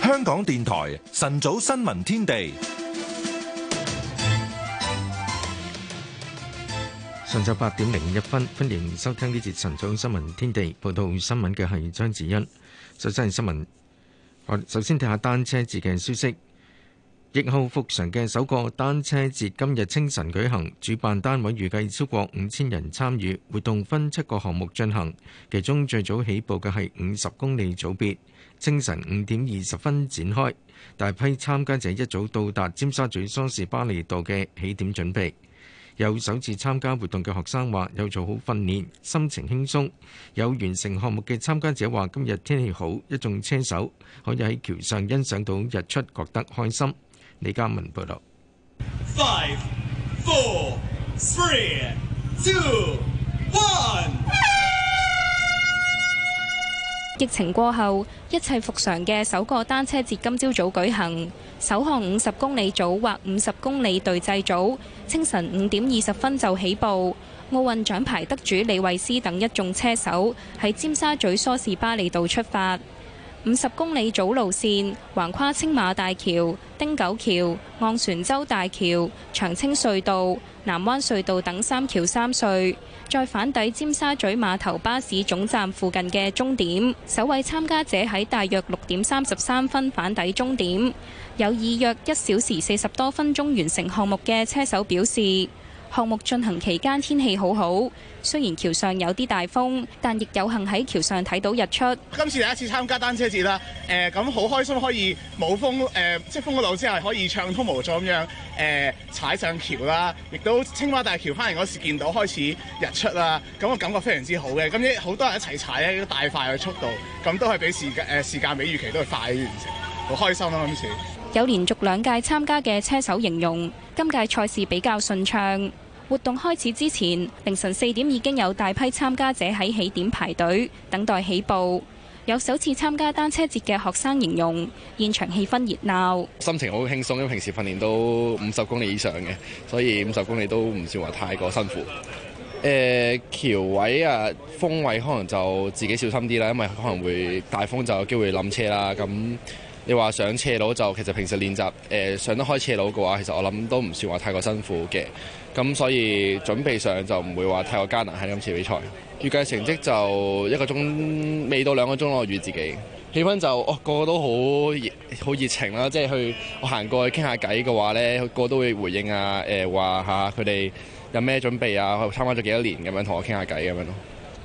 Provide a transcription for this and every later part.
香港電台晨早新聞天地。上晝八點零一分，歡迎收聽呢節晨早新聞天地，報道新聞嘅係張子欣。最新嘅新聞。首先睇下單車節嘅消息，疫後復常嘅首個單車節今日清晨舉行，主辦單位預計超過五千人參與活動，分七個項目進行。其中最早起步嘅係五十公里組別清晨五點二十分展開，大批參加者一早到達尖沙咀梳士巴利道嘅起點準備。有首次參加活動嘅學生話：有做好訓練，心情輕鬆。有完成項目嘅參加者話：今日天氣好，一眾車手可以喺橋上欣賞到日出，覺得開心。李嘉文報道。疫情過後，一切復常嘅首個單車節今朝早舉行，首項五十公里組或五十公里隊制組，清晨五點二十分就起步。奧運獎牌得主李慧詩等一眾車手喺尖沙咀梳士巴利道出發。五十公里組路線橫跨青馬大橋、汀九橋、昂船洲大橋、長青隧道、南灣隧道等三橋三隧，再返抵尖沙咀碼頭巴士總站附近嘅終點。首位參加者喺大約六點三十三分返抵終點，有以約一小時四十多分鐘完成項目嘅車手表示。項目進行期間天氣好好，雖然橋上有啲大風，但亦有幸喺橋上睇到日出。今次第一次參加單車節啦，誒咁好開心可以冇風，誒、呃、即係封咗路之後可以暢通無阻咁樣誒、呃、踩上橋啦，亦、啊、都青馬大橋返嚟嗰時見到開始日出啦，咁、啊、我感覺非常之好嘅。咁、嗯、好多人一齊踩咧，大快嘅速度，咁都係比時間誒、呃、時間比預期都係快完成，好開心啦、啊、今次。有連續兩屆參加嘅車手形容今屆賽事比較順暢。活動開始之前，凌晨四點已經有大批參加者喺起點排隊等待起步。有首次參加單車節嘅學生形容現場氣氛熱鬧，心情好輕鬆，因為平時訓練都五十公里以上嘅，所以五十公里都唔算話太過辛苦。誒、呃，橋位啊，風位可能就自己小心啲啦，因為可能會大風就有機會冧車啦咁。你話上斜路就其實平時練習誒上得開斜路嘅話，其實我諗都唔算話太過辛苦嘅。咁所以準備上就唔會話太過艱難喺今次比賽。預計成績就一個鐘，未到兩個鐘咯，我預自己氣氛就哦個個都好熱，好熱情啦。即係去我行過去傾下偈嘅話呢，個個都會回應啊誒話吓佢哋有咩準備啊，去參加咗幾多年咁樣同我傾下偈咁樣咯。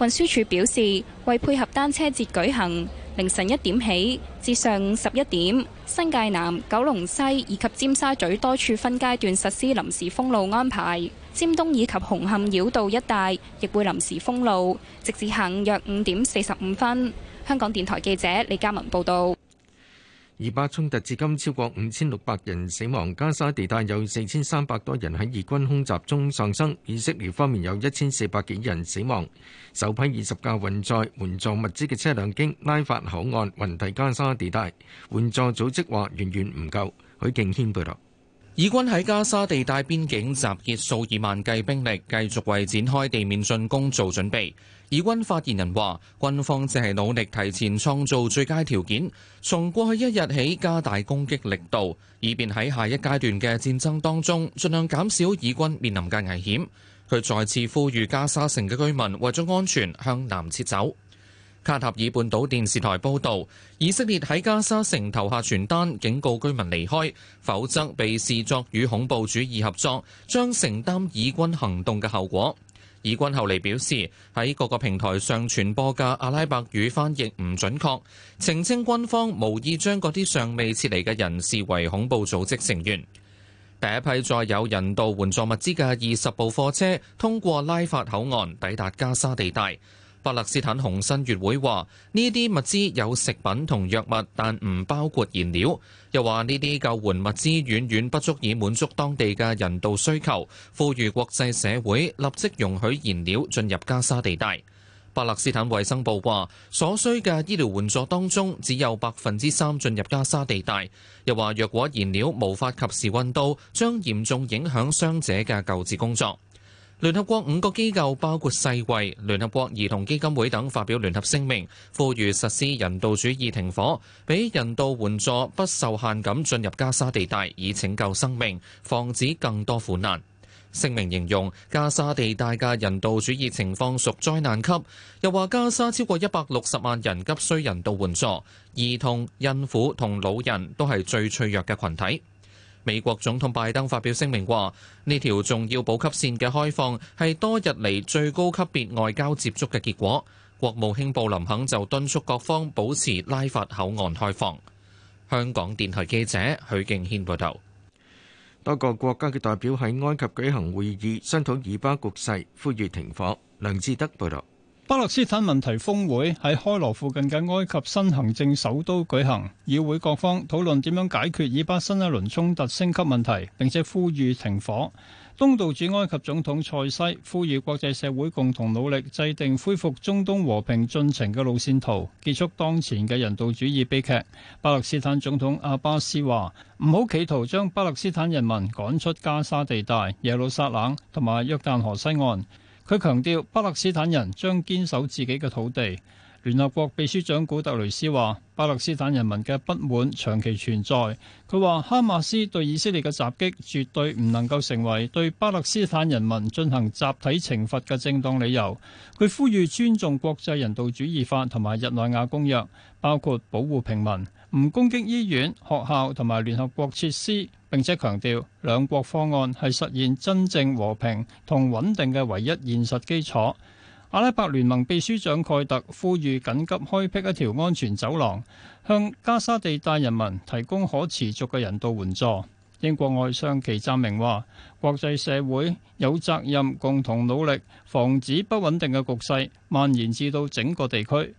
運輸署表示，為配合單車節舉行。凌晨一點起至上午十一點，新界南、九龍西以及尖沙咀多處分階段實施臨時封路安排；尖東以及紅磡繞道一帶亦會臨時封路，直至下午約五點四十五分。香港電台記者李嘉文報道。以巴衝突至今超過五千六百人死亡，加沙地帶有四千三百多人喺以軍空襲中喪生，以色列方面有一千四百幾人死亡。首批二十架運載援助物資嘅車輛經拉法口岸運抵加沙地帶，援助組織話遠遠唔夠。許敬軒報導。以軍喺加沙地帶邊境集結數以萬計兵力，繼續為展開地面進攻做準備。以軍發言人話，軍方淨係努力提前創造最佳條件，從過去一日起加大攻擊力度，以便喺下一階段嘅戰爭當中盡量減少以軍面臨嘅危險。佢再次呼籲加沙城嘅居民為咗安全向南撤走。卡塔爾半島電視台報導，以色列喺加沙城投下傳單，警告居民離開，否則被視作與恐怖主義合作，將承擔以軍行動嘅後果。以軍後嚟表示，喺各個平台上傳播嘅阿拉伯語翻譯唔準確，澄清軍方無意將嗰啲尚未撤離嘅人視為恐怖組織成員。第一批載有人道援助物資嘅二十部貨車通過拉法口岸，抵達加沙地帶。巴勒斯坦紅新月會話呢啲物資有食品同藥物，但唔包括燃料。又話呢啲救援物資遠遠不足以滿足當地嘅人道需求，呼籲國際社會立即容許燃料進入加沙地帶。巴勒斯坦衛生部話所需嘅醫療援助當中只有百分之三進入加沙地帶，又話若果燃料無法及時運到，將嚴重影響傷者嘅救治工作。聯合國五個機構包括世衛、聯合國兒童基金會等發表聯合聲明，呼籲實施人道主義停火，畀人道援助不受限噉進入加沙地帶，以拯救生命，防止更多苦難。聲明形容加沙地帶嘅人道主義情況屬災難級，又話加沙超過一百六十萬人急需人道援助，兒童、孕婦同老人都係最脆弱嘅群體。美國總統拜登發表聲明話：呢條重要補給線嘅開放係多日嚟，最高級別外交接觸嘅結果。國務卿布林肯就敦促各方保持拉法口岸開放。香港電台記者許敬軒報道。多個國家嘅代表喺埃及舉行會議，商討以巴局勢，呼籲停火。梁志德報道。巴勒斯坦問題峰會喺開羅附近嘅埃及新行政首都舉行，議會各方討論點樣解決以巴新一輪衝突升級問題，並且呼籲停火。東道主埃及總統塞西呼籲國際社會共同努力，制定恢復中東和平進程嘅路線圖，結束當前嘅人道主義悲劇。巴勒斯坦總統阿巴斯話：唔好企圖將巴勒斯坦人民趕出加沙地帶、耶路撒冷同埋約旦河西岸。佢強調巴勒斯坦人將堅守自己嘅土地。聯合國秘書長古特雷斯話：巴勒斯坦人民嘅不滿長期存在。佢話哈馬斯對以色列嘅襲擊絕對唔能夠成為對巴勒斯坦人民進行集體懲罰嘅正當理由。佢呼籲尊重國際人道主義法同埋日內瓦公約，包括保護平民，唔攻擊醫院、學校同埋聯合國設施。並且強調，兩國方案係實現真正和平同穩定嘅唯一現實基礎。阿拉伯聯盟秘書長蓋特呼籲緊急開闢一條安全走廊，向加沙地帶人民提供可持續嘅人道援助。英國外相其贊明話，國際社會有責任共同努力，防止不穩定嘅局勢蔓延至到整個地區。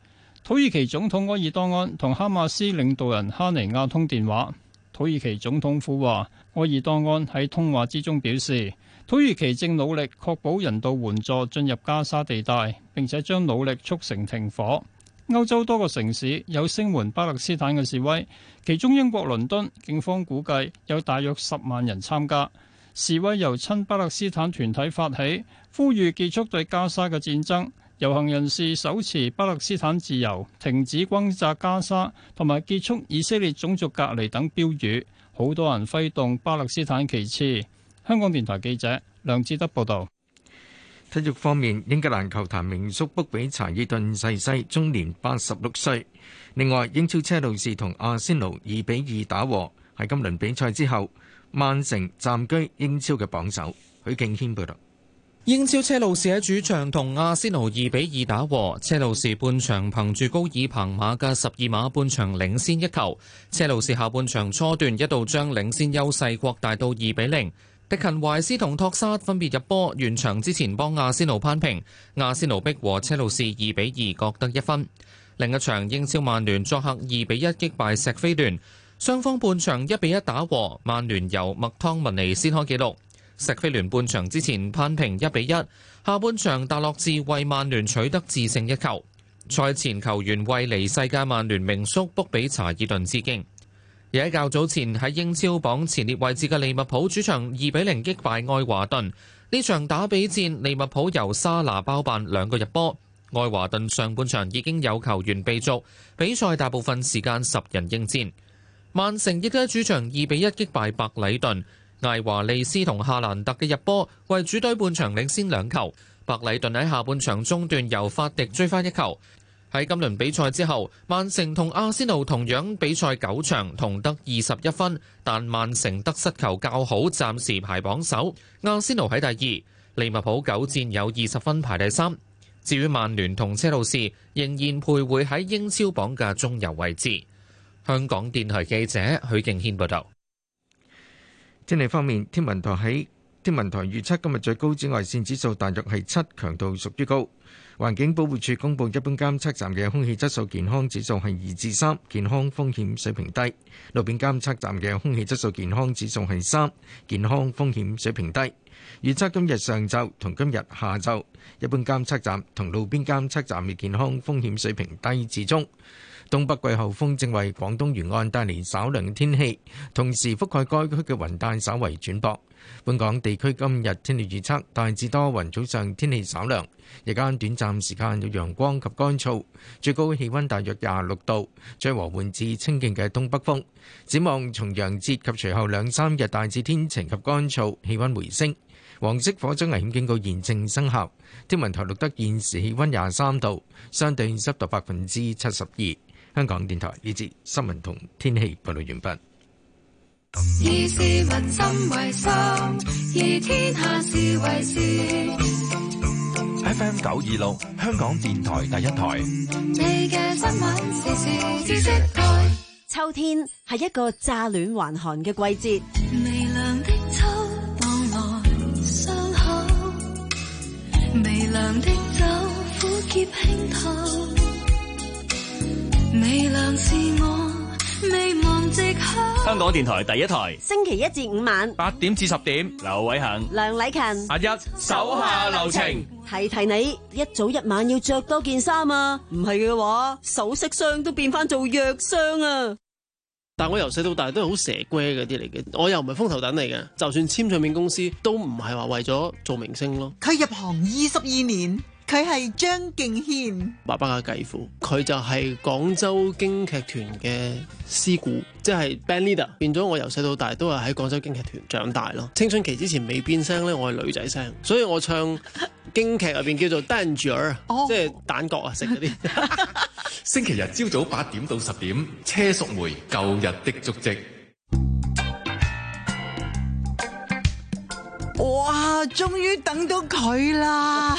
土耳其總統埃爾多安同哈馬斯領導人哈尼亞通電話。土耳其總統府話，艾爾多安喺通話之中表示，土耳其正努力確保人道援助進入加沙地帶，並且將努力促成停火。歐洲多個城市有聲援巴勒斯坦嘅示威，其中英國倫敦警方估計有大約十萬人參加，示威由親巴勒斯坦團體發起，呼籲結束對加沙嘅戰爭。遊行人士手持巴勒斯坦自由、停止轟炸加沙同埋結束以色列種族隔離等標語，好多人揮動巴勒斯坦旗幟。香港電台記者梁志德報導。體育方面，英格蘭球壇名宿布比查爾頓逝世，終年八十六歲。另外，英超車路士同阿仙奴二比二打和，喺今輪比賽之後，曼城暫居英超嘅榜首。許敬軒報導。英超車路士喺主場同阿仙奴二比二打和，車路士半場憑住高爾彭馬嘅十二碼半場領先一球，車路士下半場初段一度將領先優勢擴大到二比零，迪勤懷斯同托沙分別入波，完場之前幫阿仙奴扳平，阿仙奴逼和車路士二比二各得一分。另一場英超曼聯作客二比一擊敗石飛聯，雙方半場一比一打和，曼聯由麥湯文尼先開紀錄。錫菲聯半場之前攀平一比一，下半場達洛治為曼聯取得致勝一球。賽前球員為離世嘅曼聯名宿卜比查爾頓致敬。而喺較早前喺英超榜前列位置嘅利物浦主場二比零擊敗愛華頓，呢場打比戰利物浦由沙拿包辦兩個入波。愛華頓上半場已經有球員被逐，比賽大部分時間十人應戰。曼城亦都喺主場二比一擊敗白禮頓。艾華利斯同夏蘭特嘅入波，為主隊半場領先兩球。白禮頓喺下半場中段由法迪追翻一球。喺今輪比賽之後，曼城同阿仙奴同樣比賽九場，同得二十一分，但曼城得失球較好，暫時排榜首。阿仙奴喺第二，利物浦九戰有二十分排第三。至於曼聯同車路士，仍然徘徊喺英超榜嘅中游位置。香港電台記者許敬軒報道。天氣方面，天文台喺天文台預測今日最高紫外線指數大約係七，強度屬於高。環境保護署公布一般監測站嘅空氣質素健康指數係二至三，健康風險水平低；路邊監測站嘅空氣質素健康指數係三，健康風險水平低。預測今日上晝同今日下晝，一般監測站同路邊監測站嘅健康風險水平低至中。東北季候風正為廣東沿岸帶嚟稍涼嘅天氣，同時覆蓋該區嘅雲帶稍為轉薄。本港地區今日天氣預測，大致多雲，早上天氣稍涼，日間短暫時間有陽光及乾燥，最高氣溫大約廿六度，將和緩至清勁嘅東北風。展望重陽節及隨後兩三日大致天晴及乾燥，氣溫回升。黃色火災危險警告現正生效。天文台錄得現時氣溫廿三度，相對濕度百分之七十二。香港電台呢節新聞同天氣報道完畢。以事為心，以天下事為事，事 F M 九二六香港電台第一台。你嘅新聞時事知識台。秋天係一個乍暖還寒嘅季節。微涼的秋蕩來傷口，微涼的酒苦澀輕透，微涼是我。香港電台第一台，星期一至五晚八點至十點，劉偉恒、梁禮勤，阿一手下留情，提提你一早一晚要着多件衫啊！唔係嘅話，首飾箱都變翻做藥箱啊！但我由細到大都係好蛇龜嗰啲嚟嘅，我又唔係風頭躉嚟嘅，就算簽唱片公司都唔係話為咗做明星咯。佢入行二十二年。佢係張敬軒爸爸嘅繼父，佢就係廣州京劇團嘅師傅，即係 Band Leader。變咗我由細到大都係喺廣州京劇團長大咯。青春期之前未變聲咧，我係女仔聲，所以我唱京劇入邊叫做丹柱、oh、啊，即係蛋角啊，食嗰啲。星期日朝早八點到十點，車淑梅，舊日的足跡。啊！終於等到佢啦，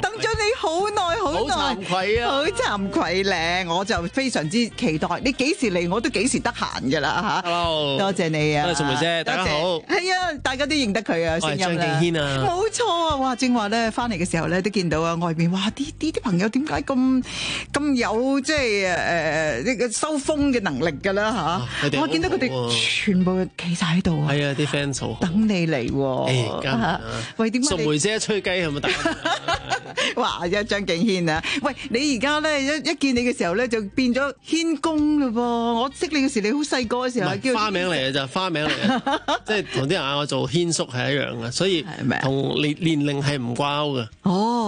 等咗你好耐好耐，好慚愧啊，好慚愧咧！我就非常之期待，你幾時嚟我都幾時得閒噶啦嚇。Hello，多謝你啊，宋梅姐，大家好。係啊，大家都認得佢啊，聲音啦。冇錯啊，哇！正話咧，翻嚟嘅時候咧，都見到啊，外面哇啲啲啲朋友點解咁咁有即係誒誒收風嘅能力㗎啦嚇？我見到佢哋全部企晒喺度啊，係啊，啲 fans 等你嚟喎。熟、哎啊啊、梅姐吹雞係咪得？ 哇「話有張敬軒啊！喂，你而家咧一一見你嘅時候咧，就變咗軒公嘞噃！我識你嘅時候，你好細個嘅時候是叫我花名嚟嘅就花名嚟嘅， 即係同啲人嗌我做軒叔係一樣嘅，所以同年年齡係唔掛鈎嘅。哦、啊。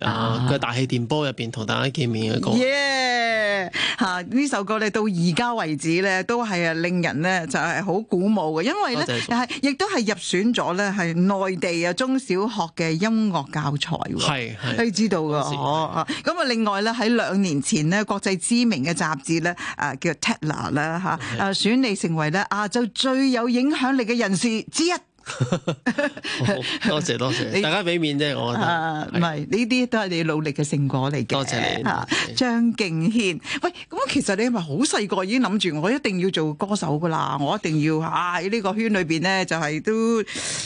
啊！喺大氣電波入邊同大家見面嘅歌，耶吓呢首歌咧到而家為止咧都係啊令人咧就係好鼓舞嘅，因為咧係亦都係入選咗咧係內地啊中小學嘅音樂教材，係係都知道噶嗬。咁啊，的另外咧喺兩年前咧國際知名嘅雜誌咧啊叫 Teller 啦吓，啊的選你成為咧亞洲最有影響力嘅人士之一。多謝多謝，大家俾面啫，我覺得。唔係呢啲都係你努力嘅成果嚟嘅。多謝你，張敬軒。喂，咁啊，其實你係咪好細個已經諗住我一定要做歌手噶啦，我一定要喺呢個圈裏邊咧，就係都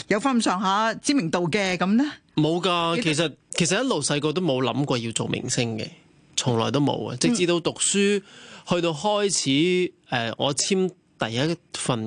有翻咁上下知名度嘅咁咧。冇噶，其實其實一路細個都冇諗過要做明星嘅，從來都冇啊。直至到讀書，去到開始，誒，我簽第一份。